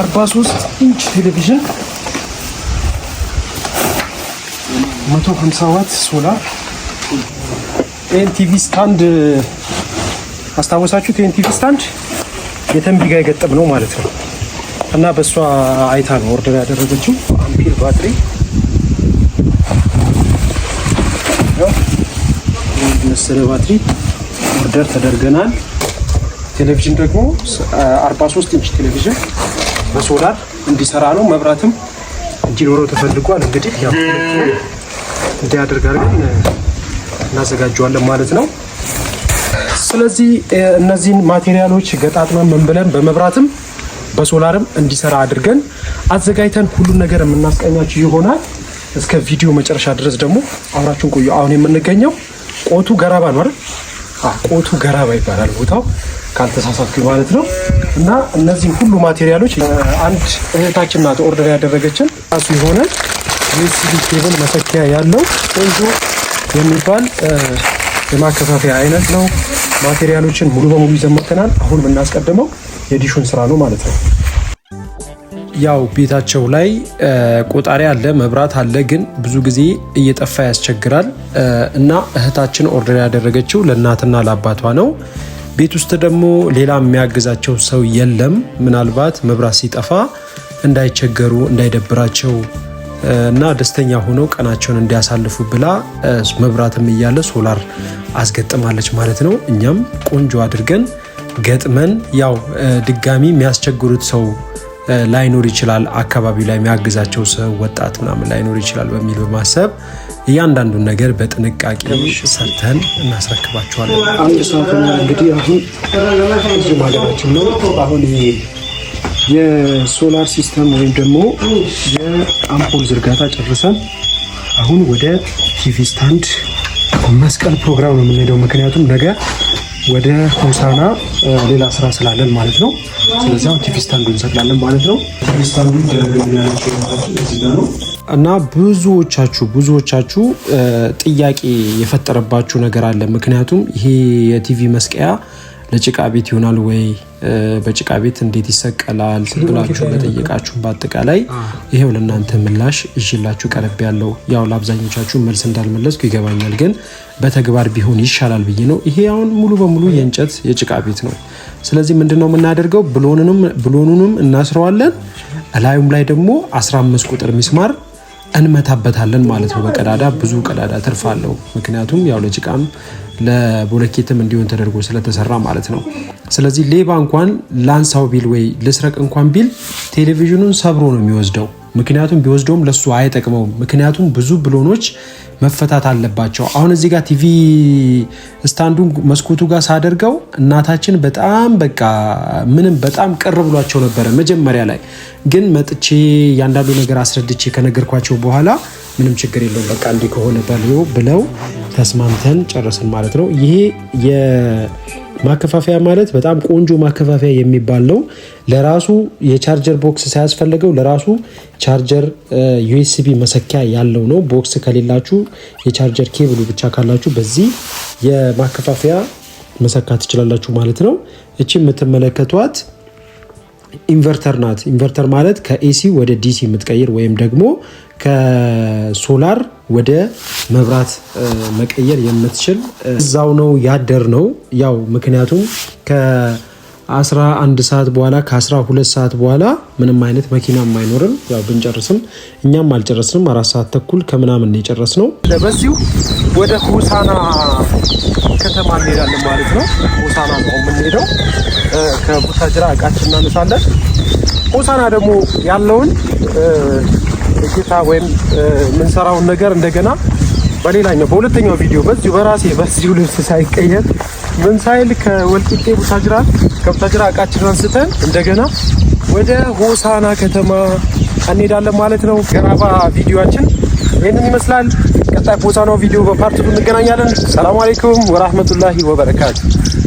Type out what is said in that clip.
አርባ ሶስት ኢንች ቴሌቪዥን መቶ ሀምሳ ዋት ሶላር ኤንቲቪ ስታንድ አስታወሳችሁት? ኤንቲቪ ስታንድ የተንቢጋ የገጠም ነው ማለት ነው። እና በእሷ አይታ ነው ኦርደር ያደረገችው። አምፒር ባትሪ መሰለ ባትሪ ኦርደር ተደርገናል። ቴሌቪዥን ደግሞ 43 ኢንች ቴሌቪዥን በሶላር እንዲሰራ ነው። መብራትም እንዲኖረው ተፈልጓል። እንግዲህ ያው እንዲያደርግ አድርገን እናዘጋጀዋለን ማለት ነው። ስለዚህ እነዚህን ማቴሪያሎች ገጣጥመን ምን ብለን በመብራትም በሶላርም እንዲሰራ አድርገን አዘጋጅተን ሁሉን ነገር የምናስቀኛችሁ ይሆናል። እስከ ቪዲዮ መጨረሻ ድረስ ደግሞ አብራችሁን ቆዩ። አሁን የምንገኘው ቆቱ ገራባ ነው አይደል? ቆቱ ገራባ ይባላል ቦታው። ካልተሳሳትኩኝ ማለት ነው። እና እነዚህ ሁሉ ማቴሪያሎች አንድ እህታችን ናት ኦርደር ያደረገችን ራሱ የሆነ ዩኤስቢ ኬብል መሰኪያ ያለው ቆንጆ የሚባል የማከፋፈያ አይነት ነው። ማቴሪያሎችን ሙሉ በሙሉ ይዘመተናል። አሁን የምናስቀድመው የዲሹን ስራ ነው ማለት ነው። ያው ቤታቸው ላይ ቆጣሪ አለ፣ መብራት አለ፣ ግን ብዙ ጊዜ እየጠፋ ያስቸግራል እና እህታችን ኦርደር ያደረገችው ለእናትና ለአባቷ ነው። ቤት ውስጥ ደግሞ ሌላ የሚያግዛቸው ሰው የለም። ምናልባት መብራት ሲጠፋ እንዳይቸገሩ፣ እንዳይደብራቸው እና ደስተኛ ሆነው ቀናቸውን እንዲያሳልፉ ብላ መብራትም እያለ ሶላር አስገጥማለች ማለት ነው። እኛም ቆንጆ አድርገን ገጥመን ያው ድጋሚ የሚያስቸግሩት ሰው ላይኖር ይችላል፣ አካባቢው ላይ የሚያግዛቸው ሰው ወጣት ምናምን ላይኖር ይችላል በሚል በማሰብ እያንዳንዱን ነገር በጥንቃቄ ሰርተን እናስረክባቸዋለን። አንድ ሰዓት እንግዲህ አሁን እዚህ ማለታችን ነው። አሁን የሶላር ሲስተም ወይም ደግሞ የአምፖል ዝርጋታ ጨርሰን አሁን ወደ ቲቪ ስታንድ መስቀል ፕሮግራም ነው የምንሄደው። ምክንያቱም ነገ ወደ ሆሳና ሌላ ስራ ስላለን ማለት ነው። ስለዚያ አሁን ስታንዱ እንሰቅላለን ማለት ነው። እና ብዙዎቻችሁ ብዙዎቻችሁ ጥያቄ የፈጠረባችሁ ነገር አለ። ምክንያቱም ይሄ የቲቪ መስቀያ ለጭቃ ቤት ይሆናል ወይ? በጭቃ ቤት እንዴት ይሰቀላል ብላችሁ መጠየቃችሁ በአጠቃላይ ይሄው ለእናንተ ምላሽ እላችሁ ቀረብ ያለው ያው ለአብዛኞቻችሁ መልስ እንዳልመለስኩ ይገባኛል፣ ግን በተግባር ቢሆን ይሻላል ብዬ ነው። ይሄ አሁን ሙሉ በሙሉ የእንጨት የጭቃ ቤት ነው። ስለዚህ ምንድነው የምናደርገው? ብሎኑንም እናስረዋለን። እላዩም ላይ ደግሞ 15 ቁጥር ሚስማር እንመታበታለን ማለት ነው። በቀዳዳ ብዙ ቀዳዳ ትርፍ አለው። ምክንያቱም ያው ለጭቃም ለቦለኬትም እንዲሆን ተደርጎ ስለተሰራ ማለት ነው። ስለዚህ ሌባ እንኳን ላንሳው ቢል ወይ ልስረቅ እንኳን ቢል ቴሌቪዥኑን ሰብሮ ነው የሚወስደው። ምክንያቱም ቢወስደውም ለሱ አይጠቅመውም። ምክንያቱም ብዙ ብሎኖች መፈታት አለባቸው። አሁን እዚህ ጋር ቲቪ ስታንዱን መስኮቱ ጋር ሳደርገው እናታችን በጣም በቃ ምንም በጣም ቅር ብሏቸው ነበረ መጀመሪያ ላይ። ግን መጥቼ እያንዳንዱ ነገር አስረድቼ ከነገርኳቸው በኋላ ምንም ችግር የለውም በቃ እንዲህ ከሆነ በለው ብለው ተስማምተን ጨረስን ማለት ነው ይሄ ማከፋፈያ ማለት በጣም ቆንጆ ማከፋፈያ የሚባል ነው። ለራሱ የቻርጀር ቦክስ ሳያስፈልገው ለራሱ ቻርጀር ዩኤስቢ መሰኪያ ያለው ነው። ቦክስ ከሌላችሁ የቻርጀር ኬብሉ ብቻ ካላችሁ በዚህ የማከፋፈያ መሰካት ትችላላችሁ ማለት ነው። እቺ የምትመለከቷት ኢንቨርተር ናት። ኢንቨርተር ማለት ከኤሲ ወደ ዲሲ የምትቀይር ወይም ደግሞ ከሶላር ወደ መብራት መቀየር የምትችል እዛው ነው ያደር ነው ያው ምክንያቱም 11 ሰዓት በኋላ ከ12 ሰዓት በኋላ ምንም አይነት መኪናም አይኖርም። ያው ብንጨርስም እኛም አልጨረስንም። አራት ሰዓት ተኩል ከምናምን የጨረስ ነው። በዚሁ ወደ ሆሳና ከተማ እንሄዳለን ማለት ነው። ሆሳና ነው የምንሄደው። ከቡታጅራ እቃችን እናነሳለን። ሆሳና ደግሞ ያለውን ጌታ ወይም የምንሰራውን ነገር እንደገና በሌላኛው በሁለተኛው ቪዲዮ በዚሁ በራሴ በዚሁ ልብስ ሳይቀየር ምን ሳይል ከወልቂጤ ቡታጅራ ከብታጅራ እቃችን አንስተን እንደገና ወደ ሆሳና ከተማ እንሄዳለን ማለት ነው። ገራባ ቪዲዮችን ይህንን ይመስላል። ቀጣይ ሆሳናው ቪዲዮ በፓርቱ እንገናኛለን። ሰላም አሌይኩም ወራህመቱላሂ ወበረካቱ።